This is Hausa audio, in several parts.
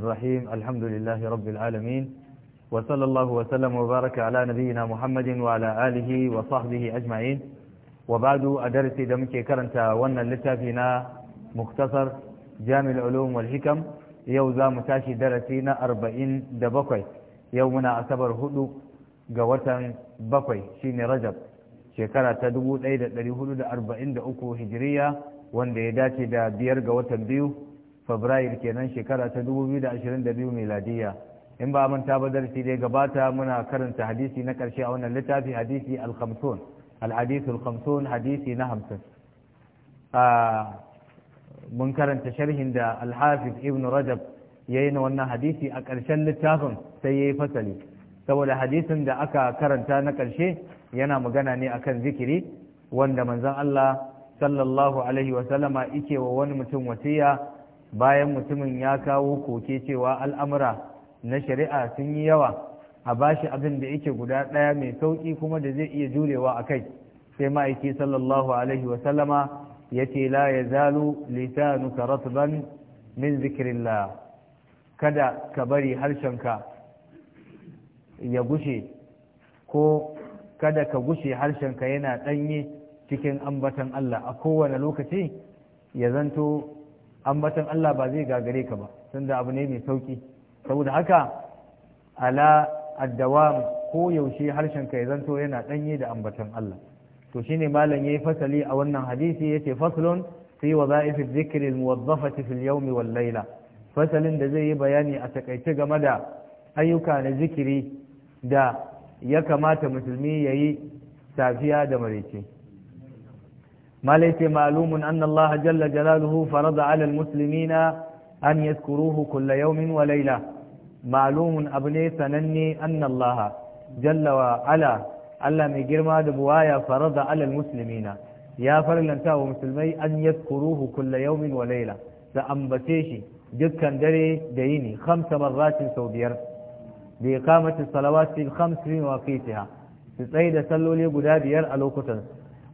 الرحيم الحمد لله رب العالمين وصلى الله وسلم وبارك على نبينا محمد وعلى آله وصحبه أجمعين وبعد أدرس دمك كرنتا وانا لتافينا مختصر جامع العلوم والحكم يوزا متاشي درسينا أربعين دبقي يومنا أصبر هدو قوتا بقي شين رجب shekara ta 1443 hijiriya wanda ya dace da biyar ga watan بيو fabrair kenan shekara ta 2022 miladiya in ba manta ba darasi dai gabata muna karanta hadisi na karshe a wannan littafi hadisi al-khamsun al-hadith al-khamsun hadisi na 50 mun karanta sharhin da al-hafiz ibn rajab yayi na wannan hadisi a karshen littafin sai yayi fasali saboda hadisin da aka karanta na karshe yana magana ne akan zikiri wanda manzon Allah sallallahu alaihi wa sallama yake wa wani mutum wasiya bayan mutumin ya kawo koke cewa al'amura na shari'a sun yi yawa a bashi abin da yake guda ɗaya mai sauƙi kuma da zai iya jurewa a kai sai ma'aiki sallallahu alaihi wasallama ya ce la ya zalu lisanuka ratban min zikirinla kada ka bari harshenka ya gushe ko kada ka gushe harshenka yana ɗanye cikin ambatan Allah a kowane lokaci ya zanto ambatan Allah ba zai gagare ka ba da abu ne mai sauki saboda haka ala addawam ko yaushe harshen ka zanto yana danye da ambatan Allah to shine malam yayi fasali a wannan hadisi yace faslun fi wadha'if adh-dhikri al-muwaddafati fi al wal-layla fasalin da zai yi bayani a takaice game da ayyuka na zikiri da ya kamata musulmi yayi safiya da maraice ما ليس معلوم أن الله جل جلاله فرض على المسلمين أن يذكروه كل يوم وليلة معلوم أبني سنني أن الله جل وعلا ألا مجرما دبوايا فرض على المسلمين يا فرلنتا ومسلمي أن يذكروه كل يوم وليلة سأنبتيشي جدا دري ديني خمس مرات سودير بإقامة الصلوات الخمس في مواقيتها تسعيد سلولي قدابير ألوكتنس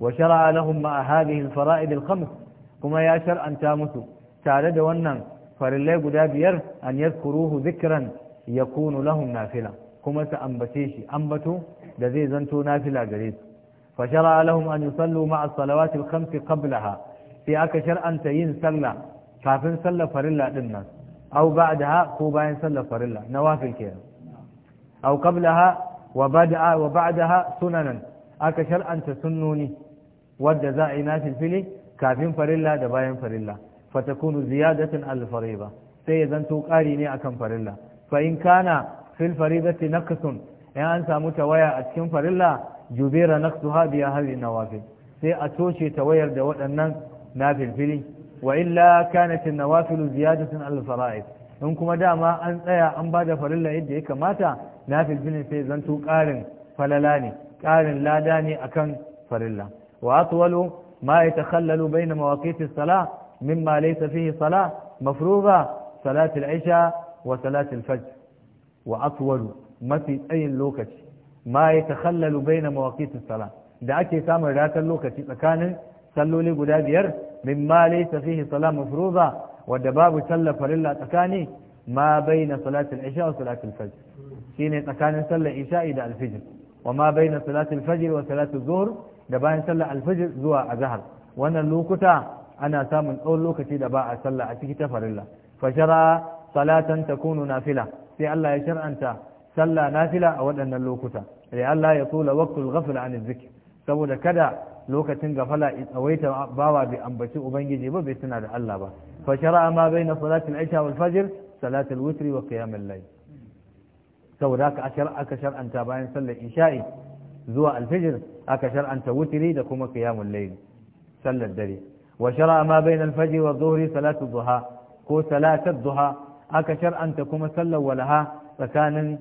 وشرع لهم مع هذه الفرائض الخمس كما يا أن تامسوا تعالى ونن فرلله قدا بير أن يذكروه ذكرا يكون لهم نافلة كما سأنبتيش أنبتوا الذي زنتوا نافلة جريد فشرع لهم أن يصلوا مع الصلوات الخمس قبلها في أكشر أن تين سلة كافن سلة فرلا للناس أو بعدها كوباين سلة فرلا نوافل كيرا أو قبلها وبعدها سننا aka shar'anta sunnoni wadda za a yi nafilfili fili kafin farilla da bayan farilla fatakunu ziyadatin alfariba sai ya zanto ƙari ne akan farilla fa in kana fil faridati naqsun in an samu tawaya a cikin farilla jubera naqsuha bi ahli nawafil sai a toshe tawayar da waɗannan nafilfili wa illa kanat an-nawafil ziyadatan al-fara'id in kuma dama an tsaya an bada farilla yadda ya kamata nafilfilin sai zanto ƙarin falala ne ƙarin lada ne akan farilla wa atwalu ma yatakhallalu bayna mawaqiti as-salah mimma laysa fihi salah mafruḍa salat al-isha wa salat al-fajr wa atwalu mafi tsayin lokaci ma yatakhallalu bayna mawaqiti as-salah da ake samun ratar lokaci tsakanin salloli guda biyar Min laysa fihi Sala mafruḍa wadda babu sallar farilla tsakani ma bayna salatul isha wa salatul fajr shine tsakanin sallar isha'i da alfijir wa ma baina salatul fajr wa da bayan sallar alfajir zuwa azhar wannan lokuta ana samun tsawon lokaci da ba a sallah a ciki ta farilla fashara salatan takunu nafila sai Allah ya shar'anta sallah nafila a waɗannan lokuta sai Allah ya tula waqtul ghafl an zikr saboda kada lokacin gafala ya tsawaita bawa bai ambaci ubangiji ba bai tuna da Allah ba fashara ma baina salatul isha wal fajr salatul witri wa qiyamul layl saboda haka aka shar'anta bayan sallar isha'i zuwa alfijir aka shar'anta wutiri da kuma qiyamul layl sallar dare wa shar'a ma bayna al wa dhuhri salatu Zuha ko salatar Zuha aka shar'anta kuma sallar walaha tsakanin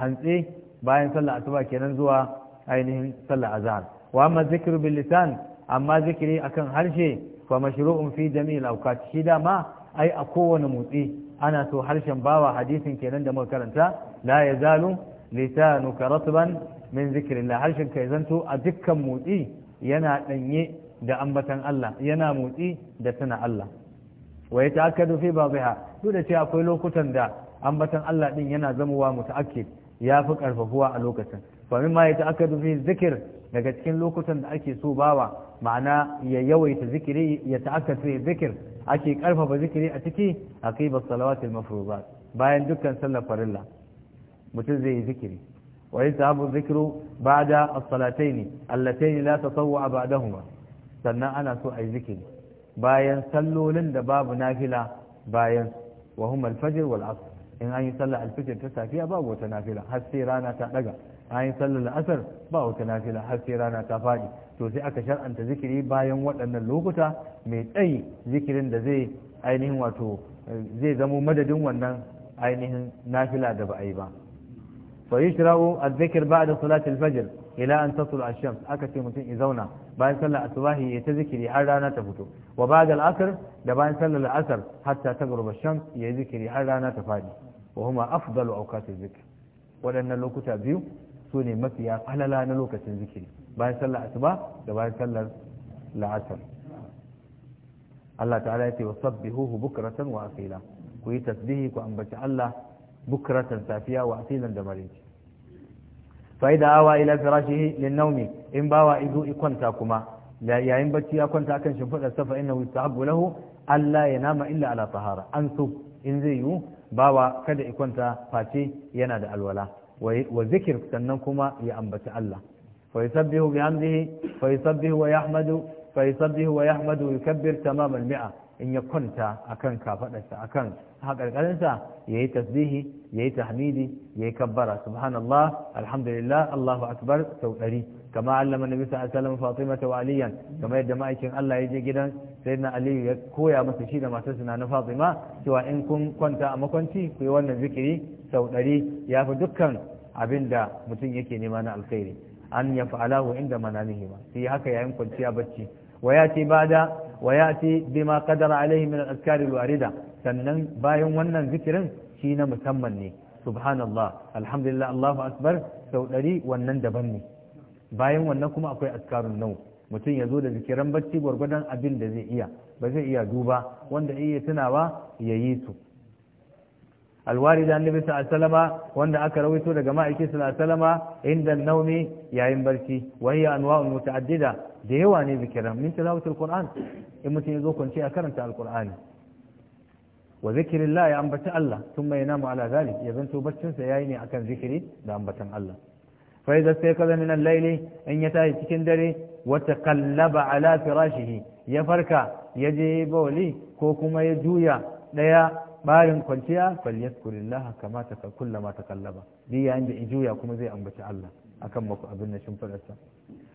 hantsi bayan sallar asuba kenan zuwa ainihin sallar azhar wa amma zikru bil lisan amma zikri akan harshe fa mashru'un fi jami'il awqat shi ma. ai a kowane motsi ana so harshen bawa hadisin kenan da muka karanta la yazalu lisanuka ratban min zikrillah harshen ka zanto a dukkan motsi yana danye da ambatan Allah yana motsi da tana Allah wa yata'akkadu fi ba'dha duk da cewa akwai lokutan da ambatan Allah din yana zamowa muta'akkid ya fi karfafuwa a lokacin fa mimma yata'akkadu fi zikir daga cikin lokutan da ake so bawa ma'ana ya yawaita zikiri ya ta'akkad fi ake karfafa zikiri a ciki ba salawatil mafruzat bayan dukkan sallar farilla mutum zai yi zikiri wa yasabu zikru ba'da as-salatayn allatayn la tatawwa ba'dahuma sannan ana so ayi zikiri bayan sallolin da babu nafila bayan wa huma wal asr in an yi sallar al ta safiya babu wata nafila har sai rana ta daga bayan sallar la'asar ba wata nafila har sai rana ta faɗi to sai aka shar'anta zikiri bayan waɗannan lokuta mai tsayi zikirin da zai ainihin wato zai zamo madadin wannan ainihin nafila da ba a yi ba fa yushra'u az da ba'da salati al-fajr ila an tasul ash-shams aka ce mutum ya zauna bayan sallar asubahi ya ta zikiri har rana ta fito wa ba'da al-asr da bayan sallar al-asr hatta taghrub ash-shams ya zikiri har rana ta faɗi wa huma afdalu awqati az-zikr waɗannan lokuta biyu su ne mafiya falala na lokacin zikiri bayan sallar asuba da bayan sallar la'asar Allah ta'ala ya ce wa sabbihuhu bukratan wa asila ku yi tasbihi ku ambaci Allah bukratan safiya wa asilan da marinci fa'ida awa ila firashihi lin nawmi in bawa izu ikwanta kuma yayin bacci ya kwanta akan shimfiɗar safa innahu yustahabbu lahu Allah ya nama illa ala tahara an so in zai yiwu bawa kada ikwanta face yana da alwala wa zikir sannan kuma ya ambaci Allah fa yusabbihu bihamdihi fa yusabbihu wa yahmadu fa yusabbihu wa yahmadu yukabbir mia in ya kwanta akan kafadarsa akan hakarkarinsa yayi tasbihi yayi tahmidi yayi kabbara subhanallah alhamdulillah Allahu akbar sau 100 kama allama nabi sallallahu alaihi wasallam fatima wa aliyan kama yadda ma'aikin Allah ya je gidan sai na aliyu ya koya masa shi da matarsa na na fatima cewa in kun kwanta a makwanci ku yi wannan zikiri sau ɗari ya fi dukkan abin da mutum yake nema na alkhairi an ya fa'alahu inda manamihi ma sai haka yayin kwanciya bacci wa ya ce bada wa ya ce bima kadara alaihi min al lu'arida warida sannan bayan wannan zikirin shi na musamman ne subhanallah alhamdulillah allahu akbar sau ɗari wannan daban ne bayan wannan kuma akwai askarun nau mutum ya zo da zikiran bacci gwargwadon abin da zai iya ba zai iya duba wanda iya tunawa ya yi su alwari da annabi sallama wanda aka rawaito daga ma'aiki sa sallama inda naumi yayin barci wa hiya anwa'un muta'addida da yawa ne zikiran min tilawatul qur'an in mutum ya zo kwance a karanta alqur'ani wa zikirillah ya ambata Allah thumma yanamu ala zalik ya zanto baccin sa yayi ne akan zikiri da ambatan Allah fa idza sayqadha min al-layli in ya tashi cikin dare wata kallaba ala firashihi ya farka ya je bawali ko kuma ya juya ɗaya barin kwanciya falyaskurillah kama ta kullama ta kallaba bi yayin da juya kuma zai ambaci Allah akan maku abin da shimfidarsa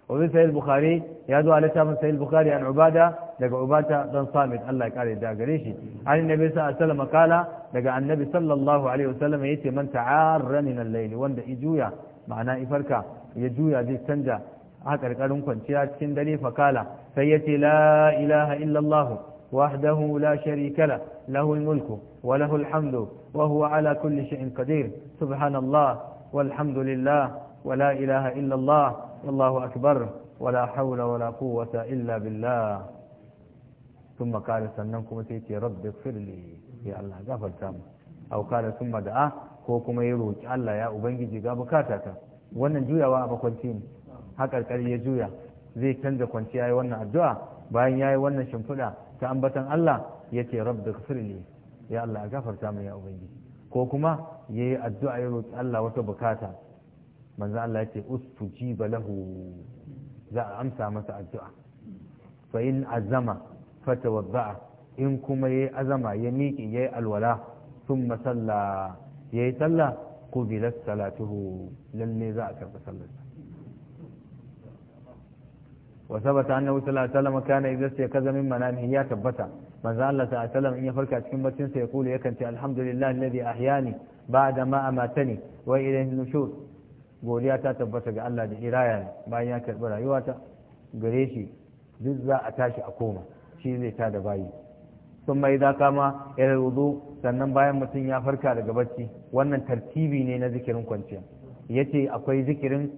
wa bi sahih bukhari ya zo a littafin sahih bukari an ubada daga ubata don samit Allah ya kare da gare shi an nabi sallallahu alaihi kala daga annabi sallallahu alaihi wasallam yace man ta'arra min al wanda ijuya ma'ana ifarka ya juya zai canja a karkarin kwanciya cikin dare fakala sai ya ce la ilaha illallah wahdahu la sharika la lahu mulku wa lahu alhamdu wa huwa ala kulli shay'in qadir subhanallah walhamdulillah wa la ilaha illallah wallahu akbar wa la hawla wa la quwwata illa billah ثم قال sannan kuma sai ce rabbi firli ya Allah gafarta mu au kala summa da'a ko kuma ya roki Allah ya ubangiji ga bukatata wannan juyawa a bakwanci ne haƙarƙari ya juya zai canza kwanciya ya wannan addu'a bayan ya yi wannan shimfiɗa ta ambatan Allah ya ce rabbi firli ya Allah gafarta mai ya ubangiji ko kuma ya yi addu'a ya roƙi Allah wata bukata manzo Allah ya ce ustujiba lahu za a amsa masa addu'a fa in azama fatawadda'a in kuma azama ya miƙe yayi alwala ya yi sallah salla qubilat salatuhu lalle za a karɓi sallarsa wasabata annahu sallallahu alaihi wasallam kana idza kazamin min manamihi ya tabbata manzo Allah sallallahu in ya farka cikin baccin ya kula yakan ce alhamdulillah alladhi ahyani ba'da ma amatani wa idan nushur godiya ta tabbata ga Allah da hiraya bayan ya karbi rayuwa ta gare shi duk za a tashi a koma shi zai ta da bayi sun mai za kama irin wudu sannan bayan mutum ya farka daga bacci wannan tartibi ne na zikirin kwanciya ya ce akwai zikirin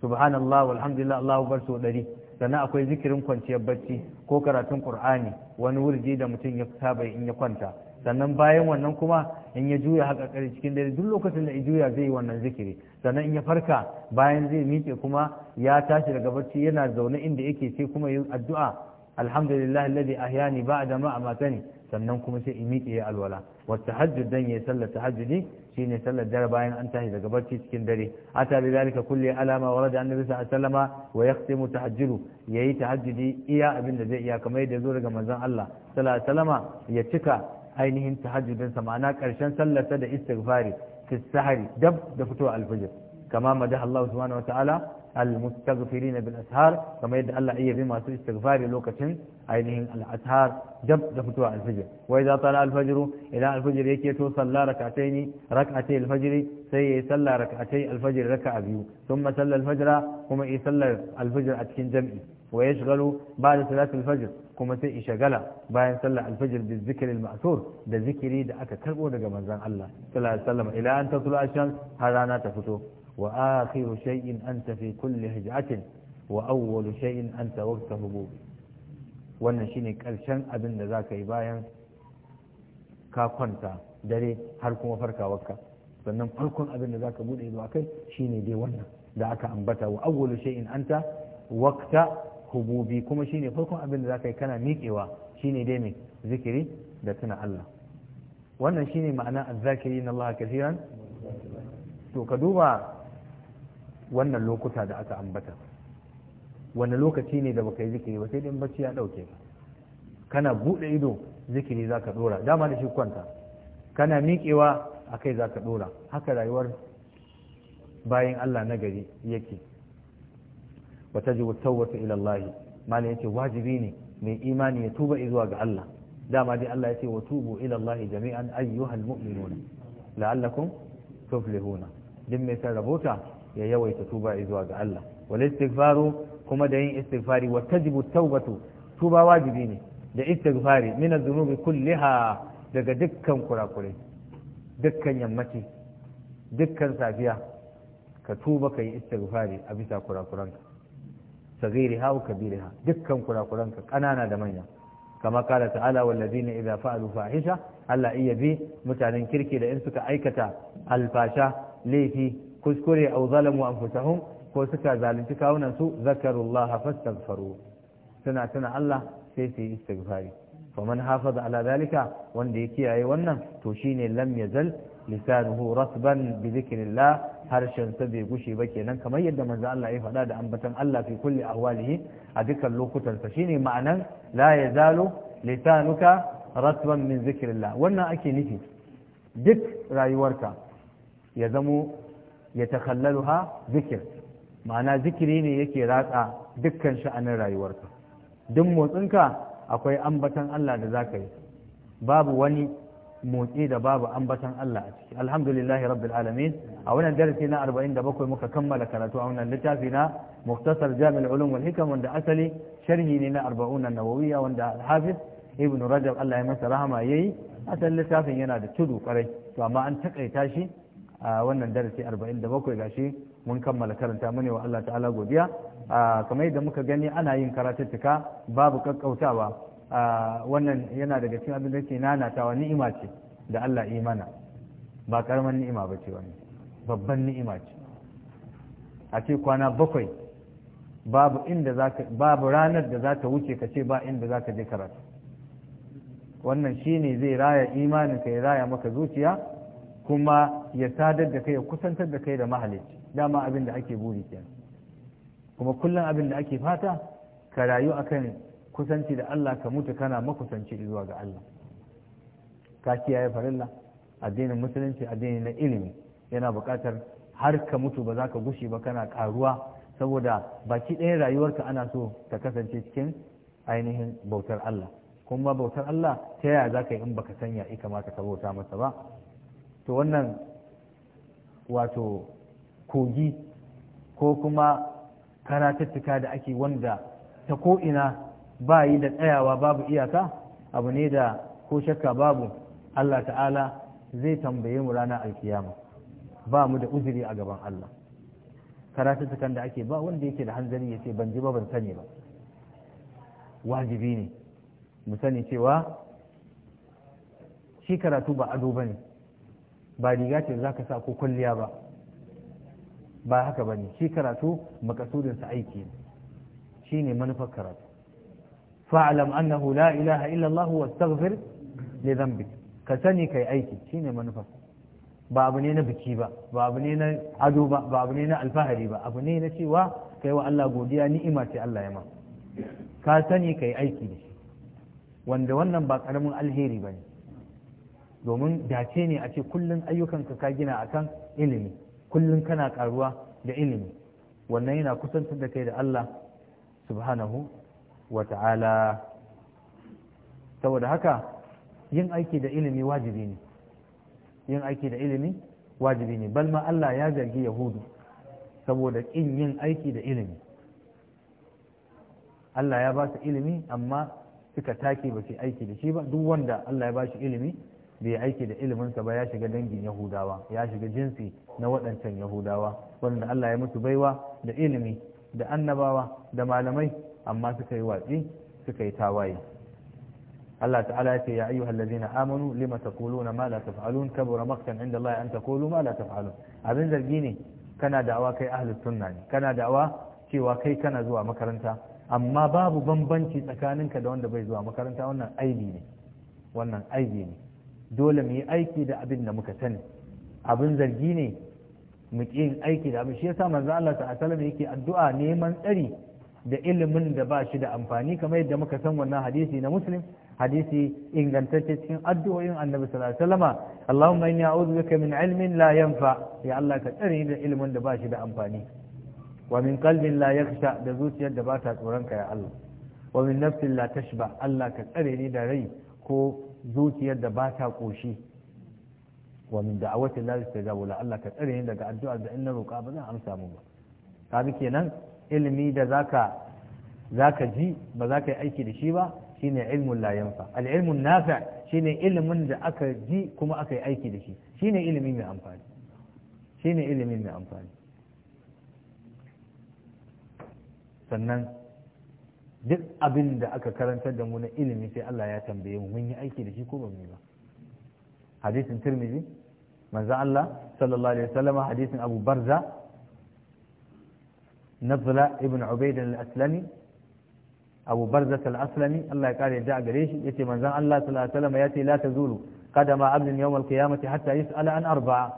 subhanallah walhamdulillah allahu bar so dari sannan akwai zikirin kwanciyar bacci ko karatun qur'ani wani wurji da mutum ya saba in ya kwanta sannan bayan wannan kuma in ya juya haka kare cikin dare duk lokacin da ya juya zai yi wannan zikiri sannan in ya farka bayan zai miƙe kuma ya tashi daga bacci yana zaune inda yake sai kuma yin addu'a alhamdulillah alladhi ahyani ba'da ma amatani sannan kuma sai in miƙe ya alwala wa tahajjud dan ya sallar tahajjudi shine sallar dare bayan an tashi daga barci cikin dare ata bi zalika kulle alama warada annabi wa alaihi wasallama wa yaqtimu ya yi tahajjudi iya abin da zai iya kamar yadda zo daga manzon Allah sallallahu ya cika ainihin tahajjudin sa ma'ana karshen sallar da istighfari fi sahari dab da fitowa alfajir kama madaha Allah subhanahu wataala al-mustaghfirina bil ashar kamar yadda Allah iya bi masu istighfari lokacin ainihin al-ashar dab da fitowa al-fajr wa idza tala al-fajr idan al-fajr yake to salla rak'ataini rak'atay al-fajr sai yayi salla rak'atay al-fajr raka'a biyu sun salla al kuma yi sallar al a cikin jam'i wai wa yashghalu ba salati al-fajr kuma sai ishagala bayan sallar alfajir da zikirin ma'asur da zikiri da aka karbo daga manzon Allah sallallahu alaihi wasallam ila an tasula ashan har rana ta fito وآخر شيء أنت في كل هجعة وأول شيء أنت وقت هبوبي wannan shine ƙarshen abin da za ka yi bayan ka kwanta dare har kuma farkawarka sannan farkon abin da za ka buɗe zuwa kai shine dai wannan da aka ambata wa awwalu shay'in anta waqta hububi kuma shine farkon abin da za ka yi kana miƙewa shine dai mai zikiri da tuna Allah wannan shine ma'ana azzakirin Allah kaseeran to ka duba wannan lokuta da aka ambata wani lokaci ne da baka yi zikiri ba sai dai bacci ya dauke ka kana bude ido zikiri zaka dora dama da shi kwanta kana miƙewa akai zaka dora haka rayuwar bayan Allah na gari yake wa tajibu tawbatu ila Allah malai yace wajibi ne mai imani ya tuba zuwa ga Allah dama dai Allah yace wa tubu ila Allah jami'an ayyuhal mu'minun la'allakum tuflihuna din mai sarrabota ya yawaita tuba zuwa ga Allah wal istighfaru kuma da yin istighfari wa tajibu tawbatu tuba wajibi ne da istighfari min adh-dhunubi kulliha daga dukkan kurakurai dukkan yammaci dukkan safiya ka tuba kai istighfari a bisa kurakuranka sagiriha wa ha dukkan ka kanana da manya kama kala ta'ala wallazina idza fa'alu fahisha Allah iya bi mutanen kirki da in suka aikata alfasha laifi kuskure au zalamu anfusahum ko suka zalunci kawunan su zakarullah fastaghfiru suna tuna Allah sai su yi istighfari faman hafaza ala zalika wanda ya kiyaye wannan to shine lam yazal lisanuhu rasban bi dhikrillah harshen sa bai gushe ba kenan kamar yadda manzo Allah ya faɗa da ambatan Allah fi kulli ahwalihi a dukkan lokutan sa shine ma'anan la yazalu lisanuka rasban min dhikrillah wannan ake nufi duk rayuwarka ya zamo ya ha zikir ma'ana zikiri ne yake ratsa dukkan sha'anin rayuwarka duk motsinka akwai ambatan Allah da zaka yi babu wani motsi da babu ambatan Allah a ciki alhamdulillahi rabbil alamin a wannan darasi na 47 muka kammala karatu a wannan littafi na muktasar jami'ul ulum wal hikam wanda asali sharhi ne na 40 nawawiyya wanda al-hafiz ibn rajab Allah ya masa rahama yayi asalin littafin yana da tudu kwarai to amma an takaita shi a wannan darasi 47 gashi mun kammala karanta mu ne wa Allah ta'ala godiya kamar yadda muka gani ana yin karatuttuka babu kakkautawa wannan yana daga cikin abin da ke nanatawa ni'ima ce da Allah imana ba karaman ni'ima ba ce wani babban ni'ima ce a ce kwana bakwai babu inda zaka babu ranar da za ta wuce ka ce ba inda za ka je karatu wannan shine zai raya imanin ka ya raya maka zuciya kuma ya sadar da kai ya kusantar da kai da mahalicci dama abin da ake buri ke kuma kullum abin da ake fata ka rayu akan kusanci da Allah ka mutu kana makusanci zuwa ga Allah ka kiyaye farilla addinin musulunci addini na ilimi yana buƙatar har ka mutu ba za ka gushe ba kana karuwa saboda baki ɗaya rayuwarka ana so ta kasance cikin ainihin bautar Allah kuma bautar Allah ta yaya za ka yi in baka sanya ya kamata ka bauta masa ba to wannan wato kogi ko kuma karatattuka da ake wanda ta ko'ina ba yi da tsayawa babu iyaka abu ne da ko shakka babu Allah ta'ala zai tambaye mu rana alkiyama ba mu da uzuri a gaban Allah karatuttukan da ake ba wanda yake da hanzari ya ce ban ji ba ban sani ba wajibi ne mu sani cewa shi karatu ba ado ba ne ba riga ce za ka sa ko kwalliya ba ba haka ba ne shi karatu makasudinsa aiki ne shi ne manufar karatu fa'alam annahu la ilaha illallah wa astaghfir li dhanbik ka sani kai aiki shi ne manufar ba abu ne na biki ba ba abu ne na ado ba ba abu ne na alfahari ba abu ne na cewa kai wa Allah godiya ni'ima ce Allah ya ma ka sani kai aiki da shi wanda wannan ba karamin alheri ne. domin dace ne a ce kullum ayyukanka ka gina akan ilimi kullum kana karuwa da ilimi wannan yana kusantar da kai da Allah subhanahu wa ta'ala saboda haka yin aiki da ilimi wajibi ne yin aiki da ilimi wajibi ne bal ma Allah ya zargi yahudu saboda kin yin aiki da ilimi Allah ya ba su ilimi amma suka take ba su aiki da shi ba duk wanda Allah ya ba shi ilimi bai aiki da sa ba ya shiga dangin yahudawa ya shiga jinsi na waɗancan yahudawa wanda Allah ya mutu baiwa da ilimi da annabawa da malamai amma suka yi watsi suka yi tawaye Allah ta'ala ya ce ya ayyuha allazina amanu lima taquluna ma la taf'alun kabura Maktan, inda Allah an taqulu ma la taf'alun abin zargi ne kana da'awa kai ahlus sunna ne kana da'awa cewa kai kana zuwa makaranta amma babu bambanci tsakaninka da wanda bai zuwa makaranta wannan aibi ne wannan aibi ne dole mu yi aiki da abin da muka sani abin zargi ne mu ƙi yin aiki da abin shi yasa manzo Allah ta asalama yake addu'a neman tsari da ilimin da ba shi da amfani kamar yadda muka san wannan hadisi na muslim hadisi ingantacce cikin addu'o'in annabi sallallahu alaihi wasallama Allahumma inni a'udhu bika min ilmin la yanfa ya Allah ka tsare da ilimin da ba shi da amfani wa min qalbin la yakhsha da zuciyar da ba ta tsoron ka ya Allah wa min nafsin la tashba Allah ka tsare ni da rai ko zuciyar da ba ta ƙoshi wa min da'awatin la ta la Allah ka tsare daga addu'ar da in na roƙa ba zan amsa mu ba kaga kenan ilimi da zaka zaka ji ba za ka yi aiki da shi ba shine ilmun la yanfa al ilmun nafi' shine ilimin da aka ji kuma aka yi aiki da shi shine ilimi ilimi mai amfani sannan duk abin da aka karantar da mu na ilimi sai Allah ya tambaye mu mun yi aiki da shi ko ba mu yi ba hadisin tirmidhi manzo Allah sallallahu alaihi wasallam hadisin Abu Barza Nafla ibn Ubayd al-Aslami Abu Barza al-Aslami Allah ya kare da gare shi yace manzo Allah sallallahu alaihi wasallam yace la tazulu qadama abdin yawm al-qiyamati hatta yus'ala an arba'a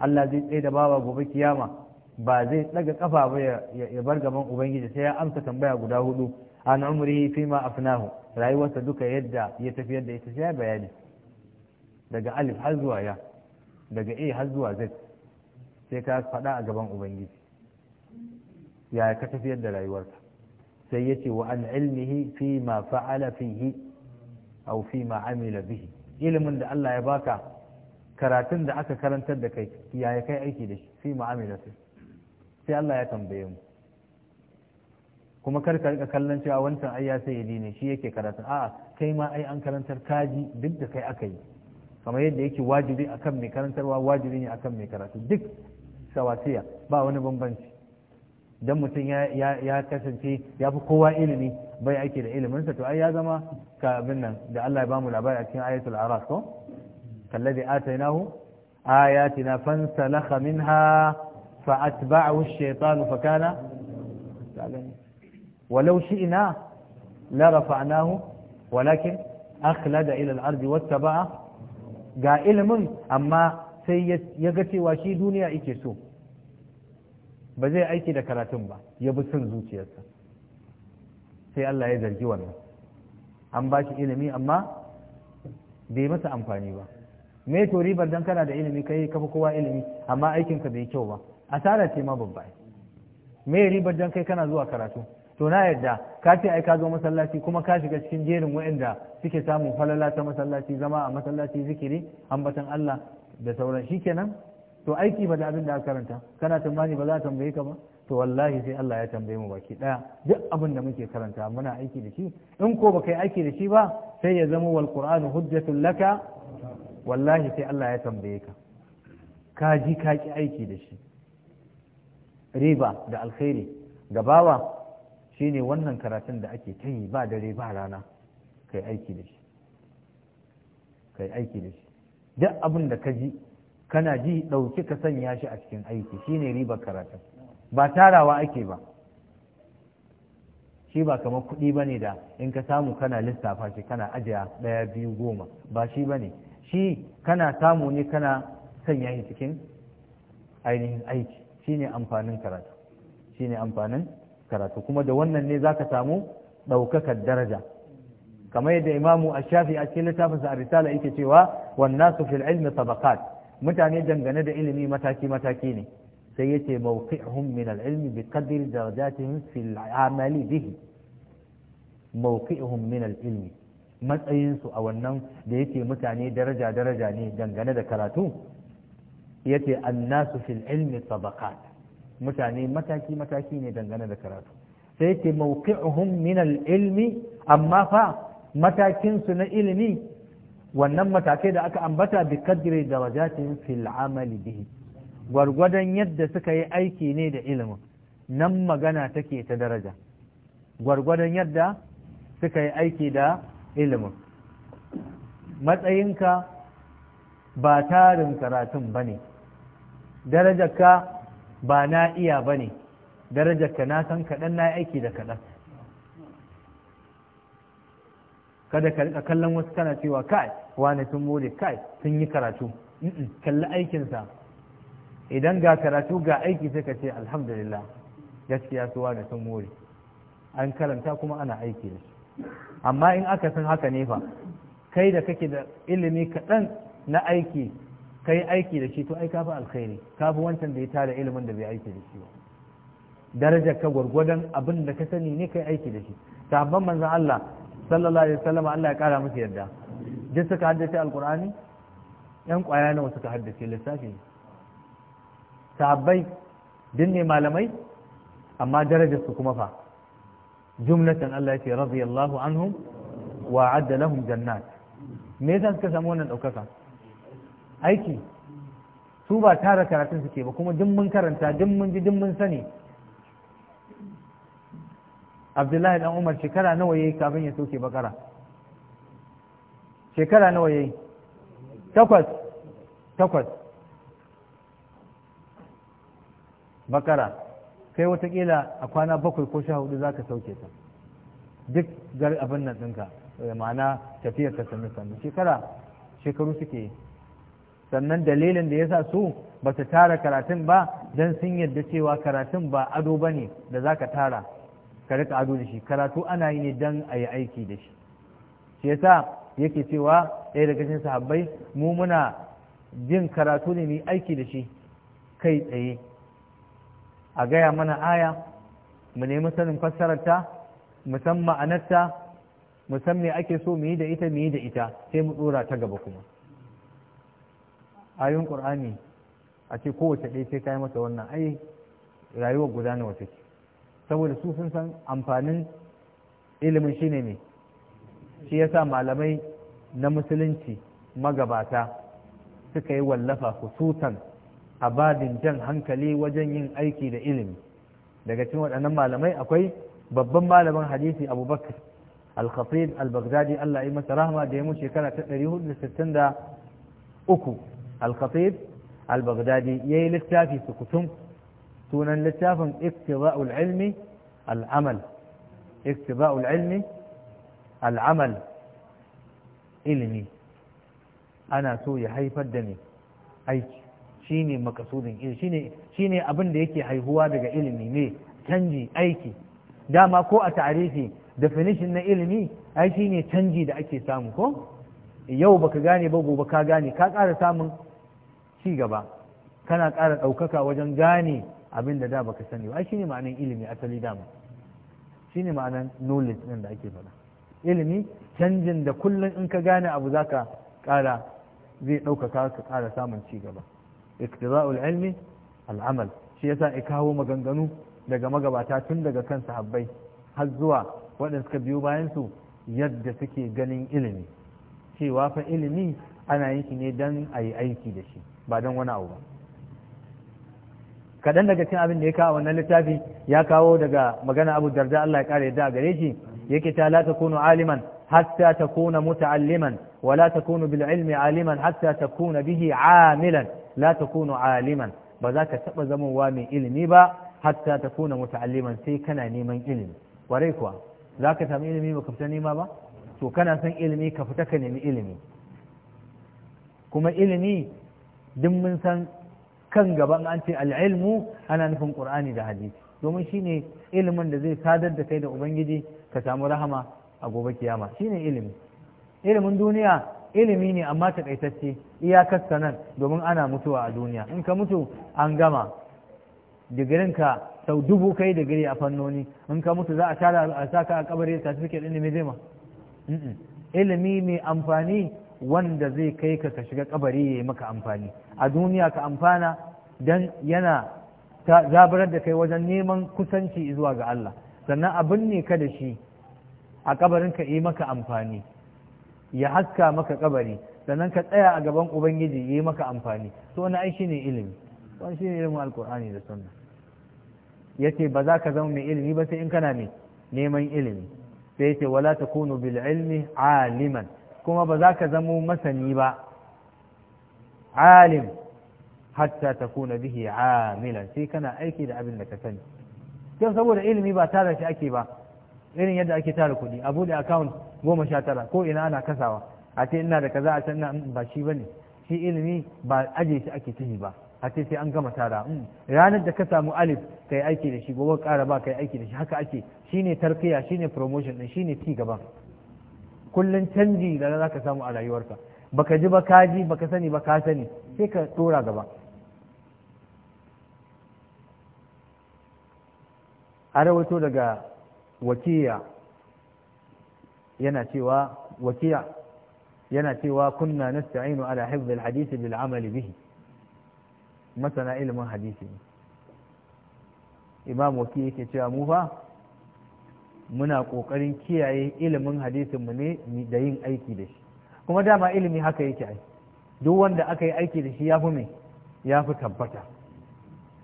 Allah zai tsaye da baba gobe kiyama ba zai daga kafa ba ya bar gaban ubangiji sai ya amsa tambaya guda hudu an umrihi fi ma afnahu rayuwarsa duka yadda ya tafi yadda ita sai bayani daga alif har zuwa ya daga a har zuwa z sai ka faɗa a gaban ubangiji ya ka tafi yadda rayuwarsa sai ya ce wa an ilmihi fi ma fa'ala fihi aw fi ma amila bihi ilimin da Allah ya baka karatun da aka karantar da kai ya kai aiki da shi fi ma amila sai Allah ya tambaye mu kuma kar ka rika kallon cewa wancan ai ya sai ya dine shi yake karatu a'a kai ma ai an karantar kaji duk da kai aka yi kamar yadda yake wajibi akan mai karantarwa wajibi ne akan mai karatu duk sawasiya ba wani bambanci dan mutum ya kasance ya fi kowa ilimi bai ake da iliminsa to ai ya zama ka abin nan da Allah ya bamu labari a cikin ayatul araf ko kallazi atainahu ayatina fansalakha minha fa atba'ahu ash-shaytanu fa kana walau shi'na la rafa'nahu walakin akhlada ila al-ardi wattaba'a ga ilimin amma sai ya ga cewa shi duniya yake so ba zai aiki da karatun ba ya bi son zuciyarsa sai Allah ya zargi wannan an ba ilimi amma bai masa amfani ba me to ribar dan kana da ilimi kai kafa kowa ilimi amma aikinka bai kyau ba asara ce ma babba me ribar dan kai kana zuwa karatu to na yadda ka ce ai ka zo masallaci kuma ka shiga cikin jerin waɗanda suke samun falala ta masallaci zama a masallaci zikiri ambatan Allah da sauran shikenan to aiki ba da abin da aka karanta kana tambani ba za a tambaye ka ba to wallahi sai Allah ya tambaye mu baki daya duk abin da muke karanta muna aiki da shi in ko baka yi aiki da shi ba sai ya zama wal qur'anu hujjatul laka wallahi sai Allah ya tambaye ka ka ji ka ki aiki da shi riba da alkhairi bawa Shi ne wannan karatun da ake ta yi ba dare ba rana kai aiki da shi kai aiki da shi duk abin da ka ji kana ji ɗauki ka sanya shi a cikin aiki shi ne ribar karatun ba tarawa ake ba shi ba kamar kuɗi ba ne da in ka samu kana lissafa shi kana ajiya ɗaya biyu goma ba shi ba ne shi kana samu ne kana sanya shi cikin ainihin aiki shi ne amfanin karatu shi ne amfanin karatu kuma da wannan ne ka samu ɗaukakar daraja kamar yadda imamu shafi a cikin littafinsa a risala yake cewa wannasu fil ilmi tabaqat mutane dangane da ilimi mataki mataki ne sai yace mawqi'uhum min al ilmi bi qadri darajatihim fil amali bihi mawqi'uhum min al ilmi matsayin su a wannan da yake mutane daraja daraja ne dangane da karatu yace annasu fil ilmi tabaqat mutane mataki mataki ne dangane da karatu sai ce mawqi'uhum min ilmi amma fa matakinsu na ilimi wannan matakai da aka ambata bi kadri darajatin fil amali bihi gwargwadon yadda suka yi aiki ne da ilimin nan magana take ta daraja gwargwadon yadda suka yi aiki da ilimin matsayinka ba tarin karatun ba ne darajarka ba na iya ba ne darajarka na san kaɗan na aiki da kaɗan kada ka rika kallon wasu kana cewa kai wani sun more kai sun yi karatu kalli aikinsa idan ga karatu ga aiki sai ka ce alhamdulillah gaskiya su wani sun more an karanta kuma ana aiki da shi amma in aka san haka ne fa kai da kake da ilimi kaɗan na aiki ka yi aiki da shi to ai kafi alkhairi kafi wancan da ya tara ilimin da bai aiki da shi ba darajar ka gwargwadon abin da ka sani ne yi aiki da shi sahabban manzon Allah sallallahu alaihi wasallam Allah ya kara musu yarda duk suka haddace alqur'ani yan kwaya nawa suka haddace lissafi sahabbai din ne malamai amma darajar su kuma fa jumlatan Allah ya ce radiyallahu anhum wa adda lahum jannat me yasa suka samu wannan daukaka aiki su ba tara karatun suke ba kuma duk mun karanta duk mun ji mun sani abdullahi dan umar shekara nawa yayi kafin ya soke bakara shekara nawa yayi takwas takwas bakara kai watakila a kwana bakwai ko sha hudu zaka sauke ta duk gar abin nan ɗinka eh, ma'ana tafiyar ta sannu sannu shekara shekaru suke sannan dalilin da ya sa su ba su tara karatun ba don sun yadda cewa karatun ba ado ba ne da za ka tara ka rika ado da shi karatu ana yi ne don a yi aiki da shi shi yasa yake cewa ɗaya daga cikin sahabbai mu muna jin karatu ne mu aiki da shi kai tsaye a gaya mana aya mu nemi sanin fassararta mu san ma'anarta mu san me ake so mu yi da ita mu yi da ita sai mu ɗora ta gaba kuma ayoyin qur'ani a ce kowace ɗaya sai yi masa wannan ai rayuwar guda wata ce saboda su sun san amfanin ilimin shine ne shi sa malamai na musulunci magabata suka yi wallafa husutan a badin jan hankali wajen yin aiki da ilimi daga cikin waɗannan malamai akwai babban malamin hadisi abubakar al-khatib al-baghdadi Allah ya masa rahma da ya mu shekara ta 463 al-khatib al-baghdadi yayi littafi sukutum sunan littafin iktiba'ul ilmi al-amal iktiba'ul ilmi al-amal ilimi ana so ya haifar da ne aiki shine makasudin ilimi shine abin da yake haihuwa daga ilimi ne canji aiki dama ko a tarihi definition na ilimi ai shine canji da ake samu ko yau baka gane ba gobe ka gane ka ƙara samun ci gaba kana ƙara ɗaukaka wajen gane abin da da baka sani ba shine ma'anin ilimi asali dama shine ma'anin knowledge ɗin da ake faɗa ilimi canjin da kullum in ka gane abu za ka ƙara zai ɗaukaka ka ƙara samun ci gaba iktiza'ul ilmi al'amal shi yasa ya kawo maganganu daga magabata tun daga kan sahabbai har zuwa waɗanda suka biyo bayan su yadda suke ganin ilimi cewa fa ilimi ana yin shi ne dan a yi aiki da shi ba don wani abu ba kaɗan daga cikin abin da ya kawo wannan littafi ya kawo daga magana abu darda Allah ya ƙara yadda gare shi yake ta la takunu aliman hatta takuna muta'alliman wa la takunu bil ilmi aliman hatta takuna bihi amilan la takunu aliman ba za ka taɓa zamowa mai ilimi ba hatta takuna muta'alliman sai kana neman ilimi warai kuwa za ka samu ilimi ba ka fita nema ba to kana son ilimi ka fita ka nemi ilimi kuma ilimi duk mun san kan gaban an ce al'ilmu ana nufin ƙur'ani da hadisi domin shi ne ilimin da zai sadar da kai da ubangiji ka samu rahama a gobe kiyama Shi ne ilimi ilimin duniya ilimi ne amma takaitacce iyakar nan domin ana mutuwa a duniya in ka mutu an gama digirinka sau dubu kai digiri a fannoni in ka mutu za a tara a saka a kabari certificate ɗin zai ma ilimi mai amfani wanda zai kai ka ka shiga kabari ya yi maka amfani a duniya ka amfana dan yana zabarar da kai wajen neman kusanci zuwa ga Allah sannan abin ne ka da shi a kabarin ka yi maka amfani ya haska maka kabari sannan ka tsaya a gaban ubangiji ya yi maka amfani to wani ai shine ilimi wani shine ilimin alkur'ani da sunna yace ba za ka zama mai ilimi ba sai in kana ne neman ilimi sai yace wala takunu bil ilmi aliman kuma ba za ka zamo masani ba alim hatta ta kuna bihi amilan sai kana aiki da abin da ka sani yau saboda ilimi ba tara shi ake ba irin yadda ake tara kuɗi a buɗe account goma sha tara ko ina ana kasawa a ce ina da kaza a can mm, ba shi bane shi ilimi ba aje shi ake tuni ba a ce sai an gama tara mm. ranar da ka samu alif kai aiki da shi gobe kara ba kai aiki da shi haka ake shine tarkiya shine promotion din shine ci gaba kullum canji da za ka samu a rayuwarka baka ji ba ka ji ba ka sani ba ka sani sai ka tura gaba a rawato daga wakiya yana cewa wakiya yana cewa kunna nasta'inu ala hifdhil hadisi bil amal bihi masana ilimin hadisi imam wakil yake cewa mu fa muna ƙoƙarin kiyaye ilimin hadisin mu ne da yin aiki da shi kuma dama ilimi haka yake ai duk wanda aka yi aiki da shi ya fi mai ya fi tabbata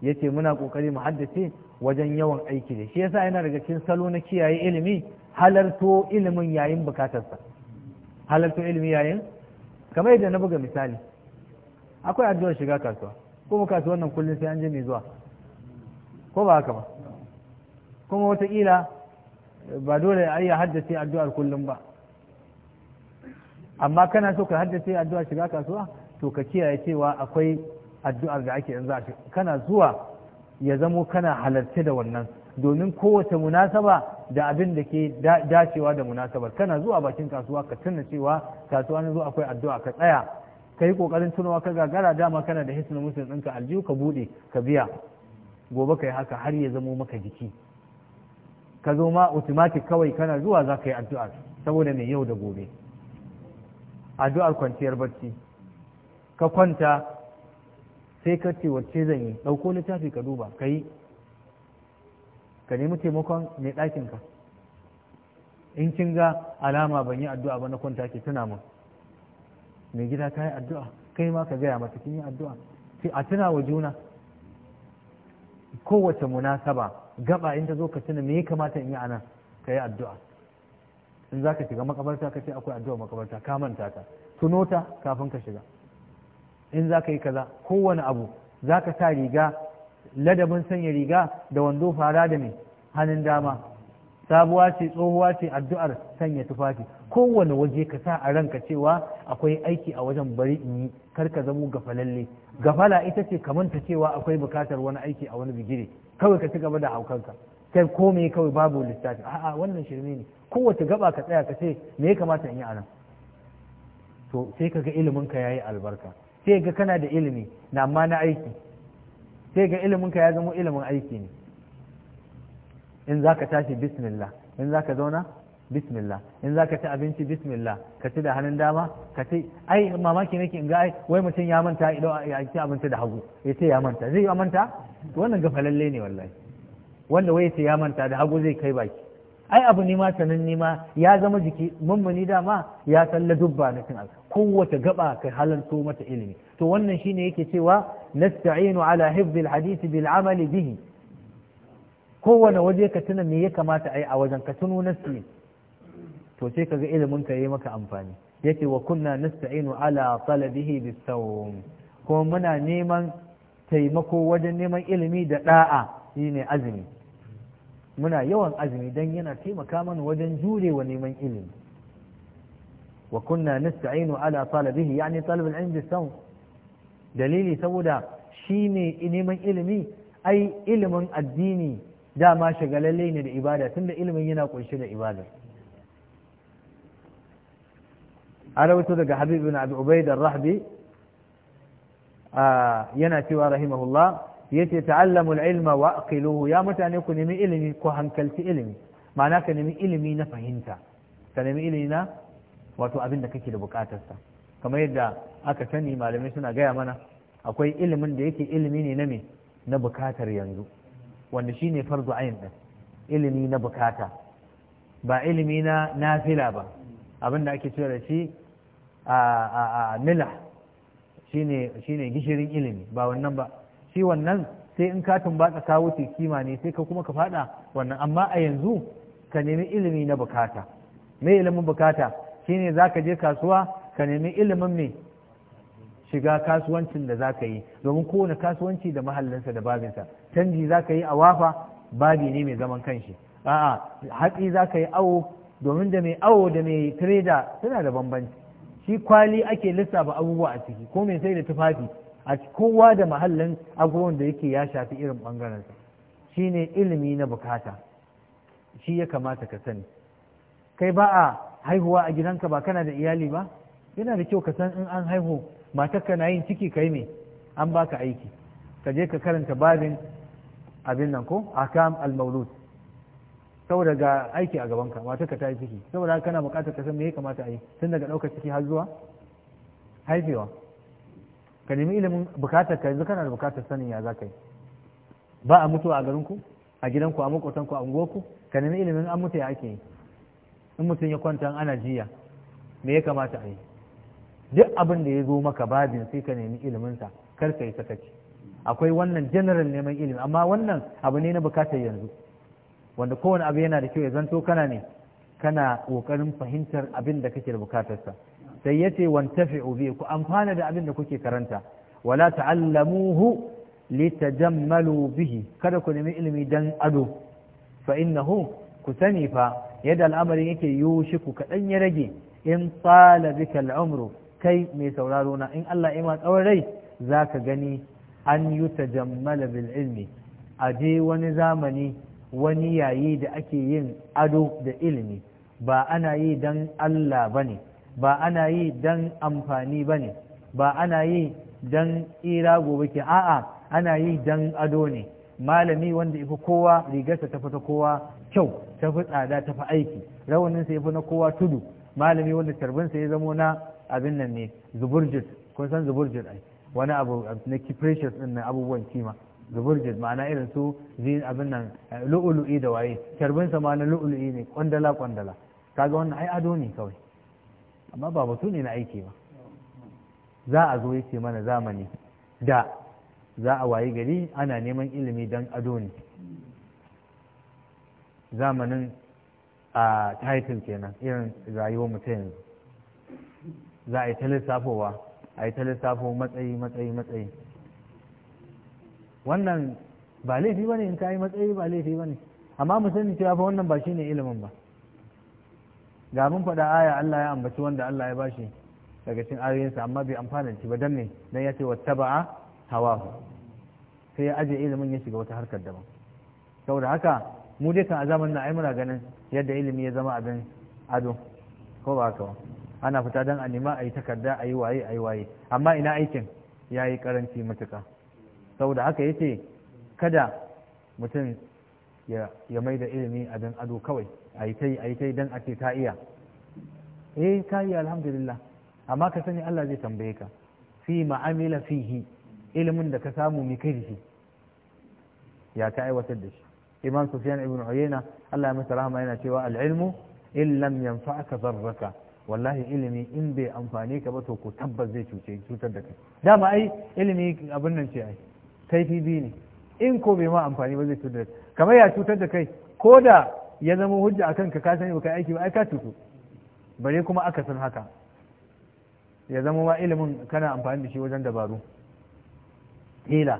ya ce muna ƙoƙari mu haddace wajen yawan aiki da shi yasa yana daga cikin salo na kiyaye ilimi halarto ilimin yayin bukatarsa halarto ilimi yayin kamar yadda na buga misali akwai addu'ar shiga kasuwa ko kasuwar nan kullum sai an je mai zuwa ko ba haka ba kuma wataƙila ba dole a iya haddace addu'ar kullum ba amma kana so ka haddace addu'ar shiga kasuwa to ka kiyaye cewa akwai addu'ar da ake yanzu kana zuwa ya zamo kana halarce da wannan domin kowace munasaba da abin da ke dacewa da munasabar kana zuwa bakin kasuwa ka tuna cewa kasuwa na zo akwai addu'a ka tsaya ka yi kokarin tunawa ka gagara dama kana da hisnul muslim ɗinka aljihu ka buɗe ka biya gobe ka yi haka har ya zamo maka jiki ka zo ma automatic kawai kana zuwa za ka yi addu'ar saboda mai yau da gobe addu'ar kwanciyar barci ka kwanta sai ka ce wacce zan yi ɗauko littafi ka duba ka yi ka nemi taimakon mai ɗakinka in kin ga alama ban yi addu'a ba na kwanta ke tuna mun mai gida ka yi addu'a kai ma ka gaya mata kin yi addu'a sai a tuna wa juna kowace munasaba gaba in ta zo ka tuna me ya kamata in yi anan ka yi addu'a in za ka shiga makabarta ka ce akwai addu'a makabarta ka manta ta tuno ta kafin ka shiga in za ka yi kaza kowane abu za ka sa riga ladabin sanya riga da wando fara da mai hannun dama sabuwa ce tsohuwa ce addu'ar sanya tufafi kowane waje ka sa a ranka cewa akwai aiki a wajen bari in yi kar ka zamo gafalalle gafala ita ce ka manta cewa akwai bukatar wani aiki a wani bigire kawai ka ci gaba da haukanka kai komai kawai babu lissafi a'a wannan shirme ne kowace gaba ka tsaya ka ce me ya kamata in yi anan to sai ka ga ilimin ka yayi albarka sai ga kana da ilimi na amma na aiki sai ga ilimin ka ya zama ilimin aiki ne in za ka tashi bismillah in za ka zauna bismillah in za ka ci abinci bismillah ka ci da hannun dama ka ci ai mamaki nake in ga ai wai mutum ya manta idan ya ci abinci da hagu ya ce ya manta zai ya manta wannan gafalalle ne wallahi wanda wai ya ce ya manta da hagu zai kai baki ai abu ne ma sanin ne ma ya zama jiki mummuni dama ya san dubba na cin kowace gaba kai halanto mata ilimi to wannan shine yake cewa nasta'inu ala hifdhil hadisi bil amali bihi kowane waje ka tuna me ya kamata a yi a wajen ka tuno nasi to sai kaga ilimin ka yi maka amfani yace wa kunna nasta'inu ala talabihi bisawm kuma muna neman taimako wajen neman ilimi da da'a shine azumi muna yawan azumi dan yana taimaka mana wajen jurewa neman ilimi wa kunna nasta'inu ala talabihi yani talab al-ilm bisawm dalili saboda shine neman ilimi ai ilimin addini dama shagalalle ne da ibada tunda ilimin yana kunshe da ibada a rawaito daga habib bin abu ubaid ar-rahbi yana cewa rahimahullah yace ta'allamu al-ilma wa aqiluhu ya mutane ku nemi ilimi ku hankalci ilimi ma'ana ka nemi ilimi na fahimta ka nemi ilimi na wato abin da kake da bukatarsa kamar yadda aka sani malamai suna gaya mana akwai ilimin da yake ilimi ne na me na bukatar yanzu wanda ne farzu ayin din ilimi na bukata ba ilimi na nafila ba abinda ake cewa da shi a mila shine ne gishirin ilimi ba wannan ba shi wannan sai in ka tumbatsa ka wuce kima ne sai ka kuma ka faɗa wannan amma a yanzu ka nemi ilimi na bukata me ilimin bukata za ka je kasuwa ka nemi ilimin me shiga kasuwancin da za ka yi domin kowane kasuwanci da mahallinsa da babinsa canji za ka yi a wafa babi ne mai zaman kanshi a'a hatsi za ka yi awo domin da mai awo da mai tireda suna da bambanci shi kwali ake lissafa abubuwa a ciki ko mai sai da tufafi a kowa da mahallin abubuwan da yake ya shafi irin ɓangarensa shi ne ilimi na bukata shi ya kamata ka sani kai ba a haihuwa a gidanka ba kana da iyali ba yana da kyau ka san in an haihu Matakka na yin ciki kai me an baka aiki ka je ka karanta babin abin nan ko akam al-maulud saboda ga aiki a gabanka matakka ta yi ciki saboda haka kana buƙatar ka san me ya kamata a yi tun daga ɗaukar ciki har zuwa haifewa ka nemi ilimin bukatar ka yanzu kana da bukatar sanin ya za yi ba a mutuwa a garinku a gidanku a ku a ku ka nemi ilimin an mutu ya ake yi in mutum ya kwanta ana jiya me ya kamata a yi duk abin da ya zo maka babin sai ka nemi iliminsa kar ka yi sakaci akwai wannan general neman ilimi amma wannan abu ne na bukatar yanzu wanda kowane abu yana da kyau ya zanto kana ne kana kokarin fahimtar abin da kake da sa sai yace wan tafi'u bi ku amfana da abin da kuke karanta wala ta'allamuhu litajammalu bihi kada ku nemi ilimi dan ado fa innahu ku sani fa yadda al'amarin yake yushiku kadan ya rage in tsala bika al'umru kai mai sauraro na in Allah ima tsawon rai za ka gani an yi tajammala bil ilmi a je wani zamani wani yayi da ake yin ado da ilimi ba ana yi don Allah ba ne ba ana yi don amfani ba ne ba ana yi don tsira gobe ke a'a ana yi don ado ne malami wanda ifi kowa rigarsa ta fita kowa kyau ta fi tsada ta fi aiki rawaninsa ya fi na kowa tudu malami wanda tarbinsa ya zamo na abin nan ne zuburjit kun san zuburjit ai wani abu na precious din na abubuwan kima zuburjit ma'ana irin su zin abin nan eh, lu'ulu'i da waye kyarbin sa ma na lu'ulu'i ne kwandala kwandala kaga wannan ai ado ne kawai amma ba batu ne na aiki ba za a zo yace mana zamani da za a wayi gari ana neman ilimi dan ado ne zamanin a ah, title kenan irin rayuwar mu yanzu za a yi ta lissafowa a yi ta lissafo matsayi matsayi matsayi wannan ba laifi ba ne in ka yi matsayi ba laifi ba ne amma mu sani cewa fa wannan ba shi ne ilimin ba ga mun faɗa aya Allah ya ambaci wanda Allah ya bashi daga cikin ayoyinsa amma bai amfana da shi ba dan ne dan ya ce wattaba'a hawahu sai ya aje ilimin ya shiga wata harkar daban saboda haka mu dai kan a zamanin na ai muna ganin yadda ilimi ya zama abin ado ko ba haka ba ana fita don a nema a yi takarda a yi waye a yi waye amma ina aikin ya yi karanci matuka saboda haka ya ce kada mutum ya mai da ilimi a don ado kawai a yi ta yi a yi ta yi don a ce ta iya eh ka yi alhamdulillah amma ka sani Allah zai tambaye ka fi ma'amila fihi ilimin da ka samu mai kai da shi ya ka aiwatar da shi imam sufyan ibn uyayna Allah ya masa rahama yana cewa al-ilmu in lam yanfa'aka zarraka wallahi ilimi in bai amfani ka ba to ko tabbas zai cuce cutar da kai dama ai ilimi abin nan ce ai kaifi biyu ne in ko bai ma amfani ba zai cutar da kai kamar ya cutar da kai ko da ya zama hujja akan ka ka sani ba kai aiki ba ai ka cutu bare kuma aka san haka ya zama ma ilimin kana amfani da shi wajen dabaru hila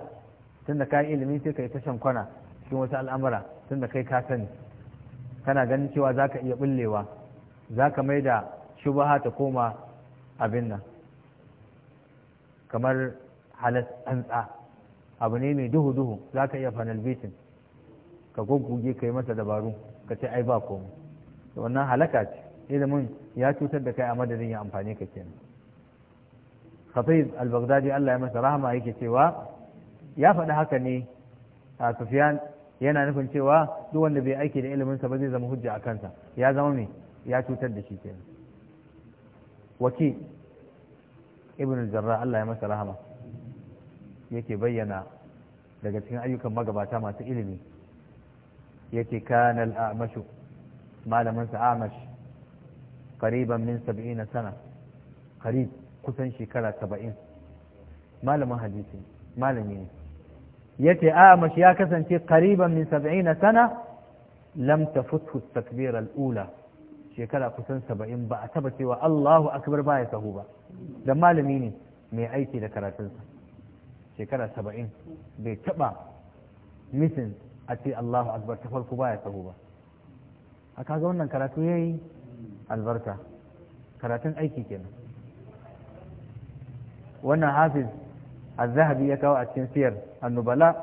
tunda ka yi ilimi sai ka yi tashan kwana cikin wasu al'amura tunda kai ka sani kana ganin cewa za ka iya bullewa za ka mai da shubaha ta koma abin nan kamar halas tsantsa abu ne mai duhu duhu za ka iya fanal bitin ka gugguge ka yi masa dabaru ka ce ai ba da wannan halaka ce ilimin ya cutar da kai a madadin ya amfani ka kenan khatib al-baghdadi Allah ya masa rahama yake cewa ya faɗi haka ne a sufyan yana nufin cewa duk wanda bai aiki da ilimin sa ba zai zama hujja a kansa ya zama mai ya cutar da shi kenan waki ibn jarra Allah ya masa rahama yake bayyana daga cikin ayyukan magabata masu ilimi yake kana al-a'mashu malamin sa amash qariban min 70 sana qarib kusan shekara 70 malamin hadisi malami ne yace amash ya kasance qariban min 70 sana lam tafuthu at-takbira al-ula shekara kusan saba'in ba a taba cewa Allahu akbar ba ya sahu ba da malami ne mai aiki da karatunsa shekara saba'in bai taba misin a ce Allahu akbar ta farko baya ya sahu ba a kaga wannan karatu ya yi albarka karatun aiki kenan wannan hafiz az-zahabi ya kawo a cikin siyar annubala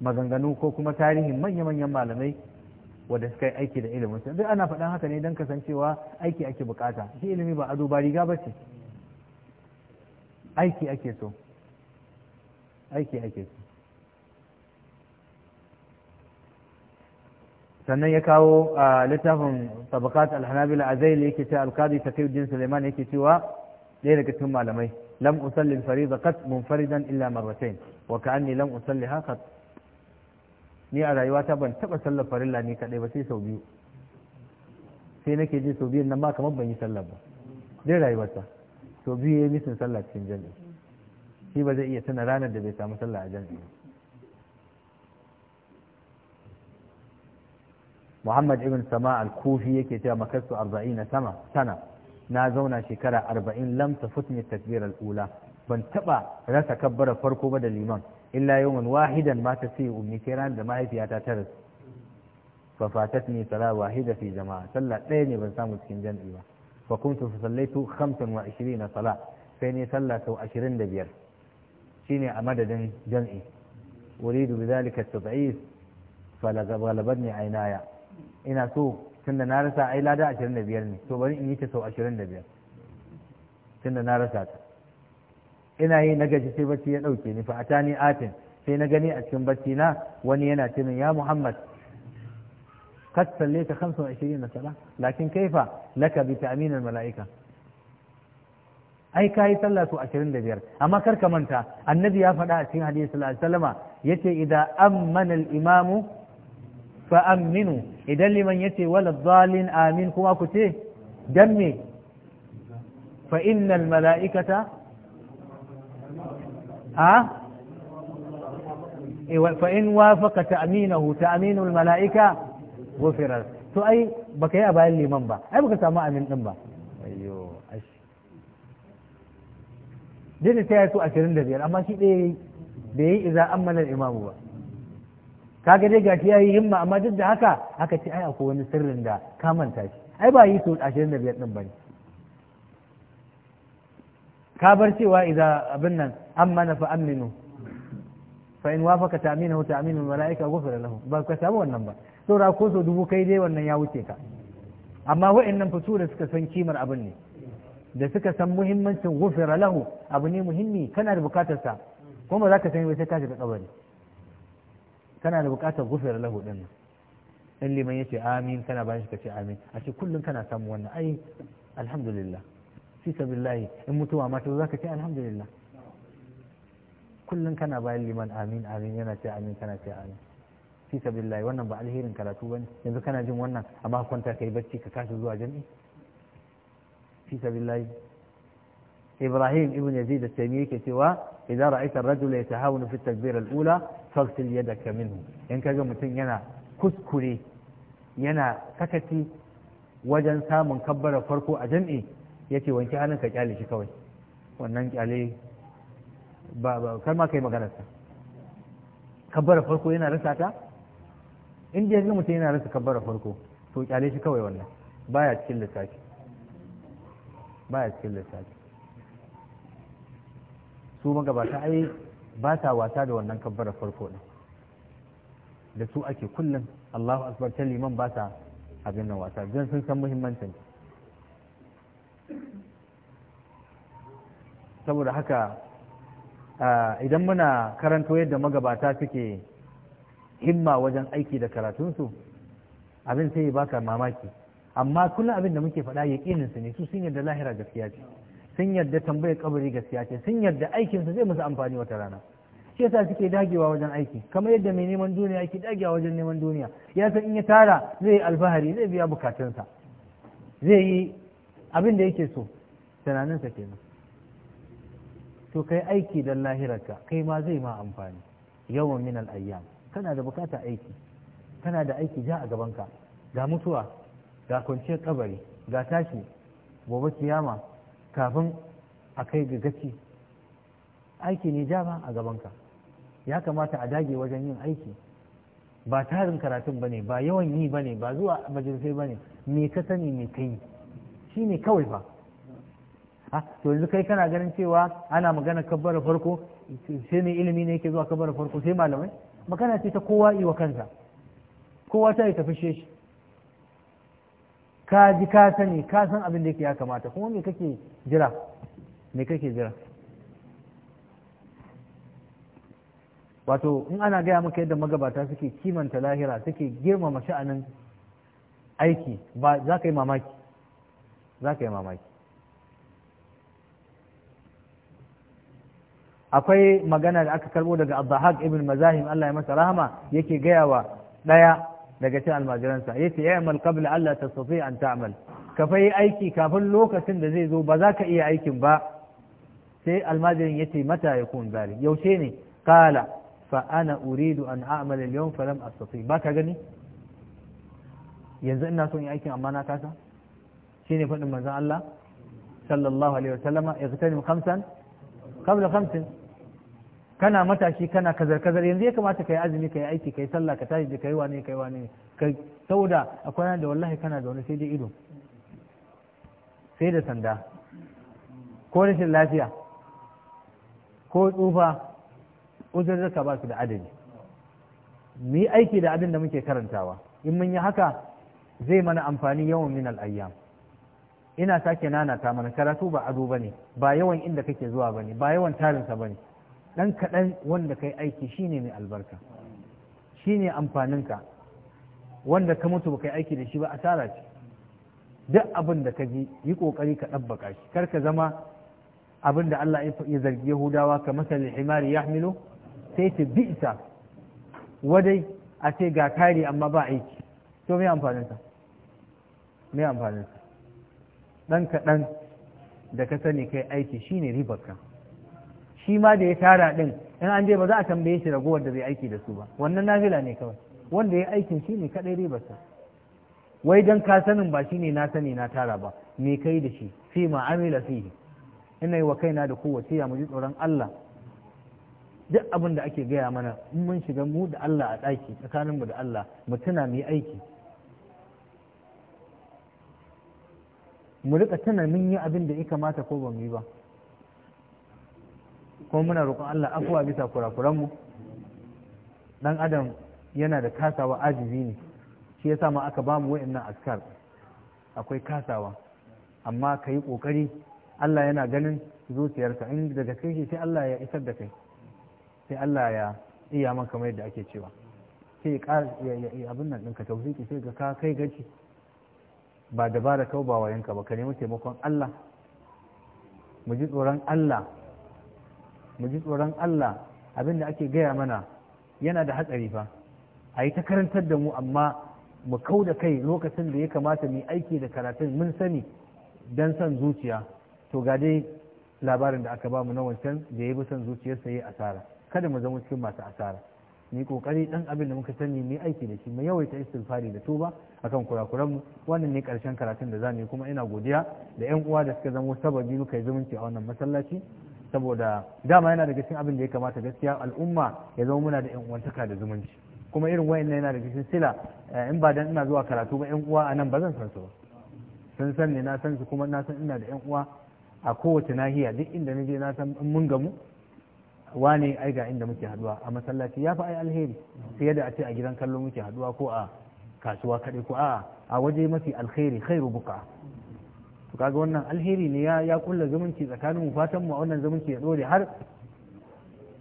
maganganu ko kuma tarihin manya-manyan malamai wanda suka yi aiki da ilimin duk ana faɗan haka ne don kasancewa aiki ake bukata shi ilimi ba ado ba riga ba ce aiki ake so aiki ake so sannan ya kawo a littafin tabakat alhanabila a zai yake ce alkadi taqiyuddin suleiman yake cewa ɗaya daga cikin malamai lam usalli al-fariida qat munfaridan illa marratayn wa ka'anni lam usalli haka. ni a rayuwata ban taɓa sallar farilla ni kaɗai ba sai sau biyu sai nake ji sau biyun nan ma kamar ban yi sallar ba dai rayuwarsa sau biyu ya yi misin sallar cikin jami'a shi ba zai iya tuna ranar da bai samu sallar a jami'a Muhammad ibn Sama al-Kufi yake cewa arba'in na sama sana na zauna shekara arba'in lam tafutni takbir al-ula ban taɓa rasa kabbara farko ba da liman illa yawan wahidan ma ta ce ummi sai ran da mahaifiyata ta rasu fa fatatni sala wahida fi jama'a sallah ɗaya ne ban samu cikin jam'i ba fa kuntu fa sallaitu 25 sala sai ne sallah sau 25 shine a madadin jam'i uridu bidhalika at-tad'if fala ghalabani aynaya ina so tunda na rasa ai lada 25 ne to bari in yi ta sau 25 tunda na rasa ta ina yi na gaji sai bacci ya ɗauke ni fa ni atin sai na gani a cikin bacci na wani yana ce min ya muhammad قد lakin 25 صلاة لكن bi لك بتأمين mala'ika. ai kayi sallah su 25 amma kar ka manta annabi ya faɗa a cikin hadisi sallallahu alaihi wasallama yace idza an al-imamu fa aminu idan liman yace wala dhalin amin kuma ku ce dan me fa innal mala'ikata ha eh, fa in wafaka ta'minahu ta'minul mala'ika ghufira to ai baka yi a bayan liman ba ai baka samu amin din ba ayyo ta yi su 25 amma shi bai yi iza ammanar imamu ba kaga dai gashi yayi himma amma duk da haka aka ce ai akwai wani sirrin da ka manta shi ai ba yi so 25 din bane ka bar cewa idan abin nan amana fa aminu fa in wafaka ta'minahu ta'minul mala'ika ghufira lahu ba ka samu wannan ba saura ko so dubu kai dai wannan ya wuce ka amma wa'annan fito da suka san kimar abin ne da suka san muhimmancin ghufira lahu abu ne muhimmi kana da bukatar sa kuma za ka san ba sai ka shiga kabari kana da bukatar ghufira lahu din in liman ya ce amin kana bayan shi ka ce amin a ce kullum kana samu wannan ai alhamdulillah fi sabilillahi in mutuwa ma to zaka ce alhamdulillah kullum kana bayan liman amin amin yana ce amin kana ce amin fi sabilillahi wannan ba alherin karatu bane yanzu kana jin wannan amma kwanta kai bacci ka kasa zuwa jami'i fi sabilillahi ibrahim ibn yazid at-taymi yake cewa idan ra'aita ar-rajula yatahawanu fi at-takbir al-ula faghsil yadaka minhu in ga mutum yana kuskure yana sakaci wajen samun kabbara farko a jami'i ya ce wanke hannun ka kyale shi kawai wannan kyale ba ba kar ma kai maganarsa kabbar farko yana rasa ta in da yanzu mutum yana rasa kabbar farko to kyale shi kawai wannan baya cikin lissafi baya cikin lissafi su magabata ai ba sa wasa da wannan kabbar farko ɗin da su ake kullum Allahu akbar ta liman ba sa abin nan wasa don sun san muhimmancin saboda haka idan muna karanto yadda magabata suke himma wajen aiki da karatunsu abin sai ya baka mamaki amma kullum abin da muke faɗa yaƙinin su ne su sun yarda lahira gaskiya ce sun yarda tambayar kabari gaskiya ce sun yarda aikin su zai musu amfani wata rana shi yasa suke dagewa wajen aiki kamar yadda mai neman duniya yake dagewa wajen neman duniya ya san in ya tara zai yi alfahari zai biya bukatunsa zai yi abin da yake so tunaninsa kenan to kai aiki don lahirarka kai ma zai ma amfani yawan min ayyam kana da bukata aiki kana da aiki ja a gabanka ga mutuwa ga kwanciyar kabari ga tashi gobe kiyama kafin a kai ga gaci aiki ne ja ma a gabanka ya kamata a dage wajen yin aiki ba tarin karatun bane ba yawan yi bane ba zuwa majalisai bane me ka sani me kai shi ne kawai ba. a to yanzu kai kana ganin cewa ana magana kabbar farko sai mai ilimi ne yake zuwa kabbar farko sai malamai magana ce ta kowa iwa kanta kansa kowa ta yi tafi shi ka ji ka sani ka san abin da yake ya kamata kuma me kake jira me kake jira wato in ana gaya maka yadda magabata suke kimanta lahira suke girmama sha'anin aiki ba za ka yi mamaki za ka yi mamaki akwai magana da aka karbo daga Abdahaq ibn Mazahim Allah ya masa rahama yake gaya wa ɗaya daga cikin almajiransa Ya ce ya amal qabla Allah ta tastati an ta'mal ka fa aiki kafin lokacin da zai zo ba za ka iya aikin ba sai almajirin ya ce mata ya yakun zalik yaushe ne Kala. fa ana uridu an a'mal al-yawm falam astati ba ka gani yanzu ina son yin aikin amma na kasa shine faɗin manzon Allah sallallahu alaihi wasallama yaqtanim khamsan qabla khamsin kana matashi kana kazar kazar yanzu ya kamata ka yi azumi ka yi aiki ka yi sallah ka tashi yi wane ka yi wane kai saboda akwai da wallahi kana da wani sai dai ido sai da sanda ko rashin lafiya ko tsufa uzurrika ba su da adadi mu yi aiki da abin da muke karantawa in mun yi haka zai mana amfani yawan min al'ayyam ina sake nanata mana karatu ba ado bane ba yawan inda kake zuwa bane ba yawan tarinsa bane ɗan kaɗan wanda kai aiki shine mai albarka shine amfaninka wanda ka mutu yi aiki da shi ba asara ce duk abin da ka ji yi kokari ka ɗabbaka shi kar ka zama abin da Allah ya zargi Yahudawa ka masal himari hamilo sai ta isa wadai a ce ga kari amma ba aiki to me amfanin sa me amfanin sa dan kaɗan da ka sani kai aiki shine ribarka shi ma da ya tara din in an je ba za a tambaye shi ragowar da zai aiki da su ba wannan nafila ne kawai wanda ya aikin shi ne kadai sa wai dan ka sanin ba ne na sani na tara ba me kai da shi fi ma amila fihi ina yi wa kaina da kowace ya muji tsoron Allah duk abin da ake gaya mana in mun shiga mu da Allah a ɗaki tsakanin mu da Allah mu tuna mu yi aiki mu rika tuna mun yi abin da ya kamata ko ba mu yi ba kuma muna roƙon Allah afuwa bisa kurakuranmu dan adam yana da kasawa ajibi ne shi yasa ma aka ba mu wa'annan askar akwai kasawa amma ka yi ƙoƙari Allah yana ganin zuciyarka in daga kai shi sai Allah ya isar da kai sai Allah ya iya man kamar yadda ake cewa sai ya abin nan ɗinka tausiki sai ga ka kai gaci ba dabara kau ba wayanka ba ka nemi taimakon Allah mu ji tsoron Allah mu ji tsoron Allah abin da ake gaya mana yana da hatsari fa a yi ta karantar da mu amma mu kau da kai lokacin da ya kamata mu aiki da karatun mun sani don son zuciya to ga dai labarin da aka ba mu na wancan da ya bi son zuciyarsa ya asara kada mu zama cikin masu asara ni kokari dan abin da muka sani mu aiki da shi mu yawaita istighfari da tuba akan kurakuranmu wannan ne karshen karatun da zamu yi kuma ina godiya da yan uwa da suka zama sababi muka yi zumunci a wannan masallaci saboda dama yana daga cikin abin da ya kamata gaskiya al'umma ya zama muna da yan uwantaka da zumunci kuma irin wayannan yana daga cikin sila eh, in ba dan ina zuwa karatu ba yan uwa a nan ba zan san su sun san ne na san su kuma na san ina da yan uwa a kowace nahiya duk inda na je na san in mun gamu wane ai ga inda muke haduwa a masallaci ya fi ai alheri fiye da a ce a gidan kallo muke haduwa ko a kasuwa kaɗai ko a'a a waje mafi alheri khairu buka to kaga wannan alheri ne ya ya kulla zumunci tsakanin mu fatan mu wannan zumunci ya dore har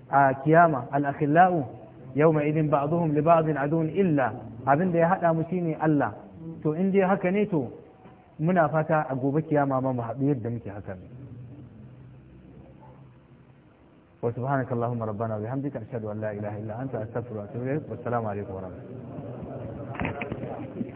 a kiyama al akhlau yawma idin ba'dhum li ba'd adun illa abin da ya hada mu shine Allah to in dai haka ne to muna fata a gobe kiyama ma mu haɗu yadda muke haka ne wa subhanaka allahumma rabbana wa bihamdika ashhadu an la ilaha illa anta astaghfiruka wa atubu ilayk wa assalamu alaikum wa rahmatullahi